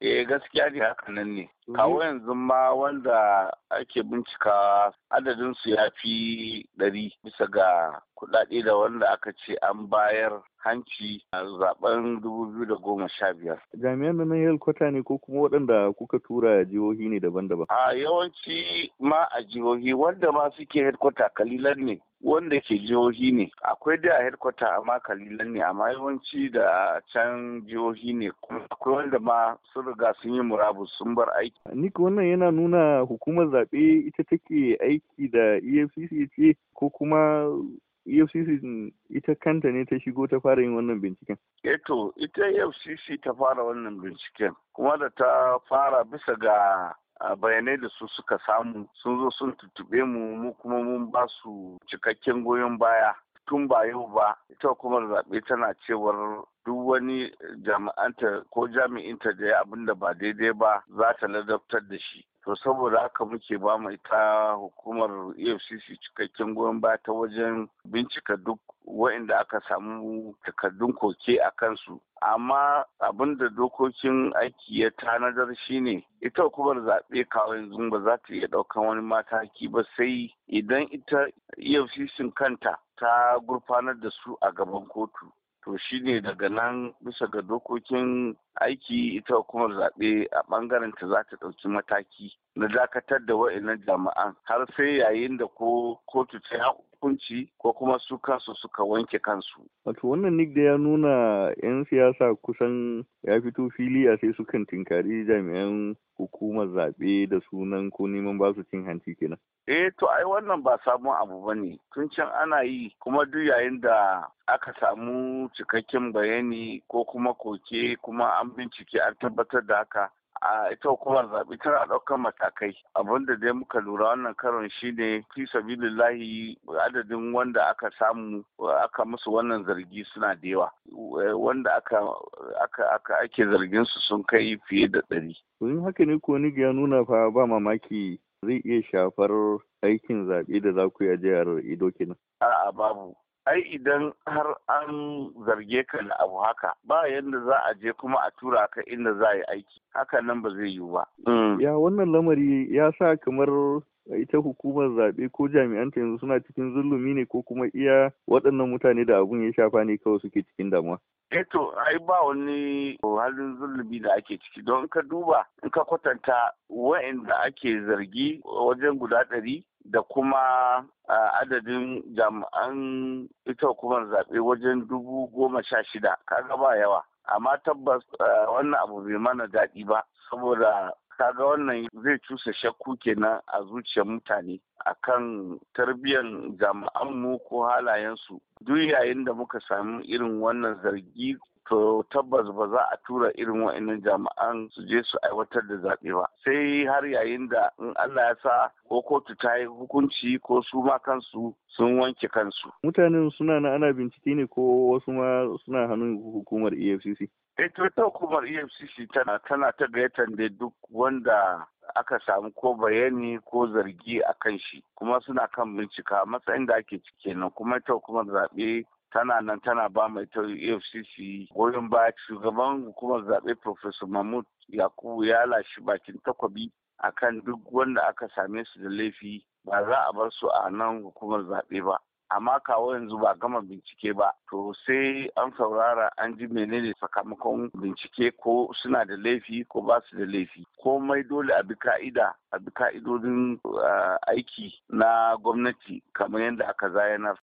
Eh gaskiya ne haka nan ne. Mhm. Kawo yanzu ma wanda ake bincika adadin su ya fi ɗari bisa ga kuɗaɗe da wanda aka ce an bayar hanci a zaben 2015. Jami'an da na yalkwata ne ko kuma waɗanda kuka tura jihohi ne daban-daban? A yawanci ma a jihohi wanda ma suke headquarter kalilan ne. wanda ke jihohi ne akwai da headquarter amma kalilan ne amma yawanci da can jihohi ne akwai wanda ma sun riga sun yi murabus sun bar aiki Nick wannan yana nuna hukumar zaɓe ita take aiki da EFCC ce ko kuma efcc ita kanta ne ta shigo ta fara yin wannan binciken eto eh ita efcc ta fara wannan binciken kuma da ta fara bisa ga ah, bayanai da su suka samu sun zo sun tutuɓe mu mu kuma mun ba su cikakken goyon baya tun ba yau ba ita hukumar zaɓe tana cewar duk wani jami'anta ko jami'inta da ya abin da ba daidai ba za ta ladabtar da shi to saboda haka muke ba mu ita hukumar efcc cikakken goyon ba ta wajen bincika duk wa'inda aka samu takardun koke a kansu amma abin da dokokin aiki ya tanadar shine ita hukumar zaɓe kawo yanzu ba za ta iya ɗaukan wani mataki ba sai idan ita efcc kanta ta gurfanar da su a gaban kotu to shine daga nan bisa ga dokokin aiki ita hukumar zaɓe a ɓangaren ta za ta ɗauki mataki na dakatar da wa'annan jami'an har sai yayin da ko kotu ta hukunci ko kuma su kansu suka wanke kansu. Wato wannan Nick da ya nuna 'yan siyasa kusan ya fito fili a sai sukan tinkari jami'an hukumar zaɓe da sunan ko neman basu cin hanci kenan. Eh to ai wannan ba sabon abu ba ne tun can ana yi kuma duk yayin da aka samu cikakken bayani ko kuma koke kuma an bincike an tabbatar da haka a ita hukumar zaɓe tana ɗaukar matakai abin da dai muka lura wannan karon shine fi sabilillahi adadin wanda aka samu aka musu wannan zargi suna da yawa wanda aka aka ake zargin su sun kai fiye da ɗari. Domin haka ne ko ni ya nuna fa ba mamaki zai iya shafar aikin zaɓe da za ku yi a jihar Edo kenan. A'a babu ai idan har an zarge ka da abu haka ba yadda za a je kuma a tura ka inda za a yi aiki hakan nan ba zai yiwu ba. Mm. ya wannan lamari ya sa kamar ita hukumar zaɓe ko jami'anta yanzu suna cikin zulumi ne ko kuma iya waɗannan mutane da abun ya shafa ne kawai suke cikin damuwa. Eto, eh ai ba wani halin zulumi da ake ciki don ka duba in ka kwatanta wa'inda ake zargi wajen guda ɗari da kuma adadin jami'an ita hukumar zaɓe wajen dubu goma sha shida kaga ba yawa amma tabbas wannan abu bai mana daɗi ba saboda kaga wannan zai cusa shakku kenan a zuciyar mutane A akan tarbiyyar mu ko halayensu duk yayin da muka sami irin wannan zargi to tabbas ba za a tura irin wa'annan jami'an su je su aiwatar da zaɓe ba sai har yayin da in Allah ya sa ko kotu ta yi hukunci ko su ma kansu sun wanke kansu. Mutanen suna na ana bincike ne ko wasu ma suna hannun hukumar EFCC? Eh to ta hukumar EFCC tana tana ta gayyatar da duk wanda aka samu ko bayani ko zargi a kan shi kuma suna kan bincika matsayin da ake ciki kenan kuma ta hukumar zaɓe tana nan tana ba mai ta efcc goyon baya shugaban hukumar zaɓe professor mahmud yakubu ya lashi bakin takwabi akan duk wanda aka same su da laifi ba za a bar su a nan hukumar zaɓe ba amma kawo yanzu ba gama bincike ba to sai an saurara an ji menene sakamakon bincike ko suna da laifi ko ba su da laifi komai dole a bi ka'ida a bi ka'idodin eh, aiki na gwamnati kamar yadda aka zayyana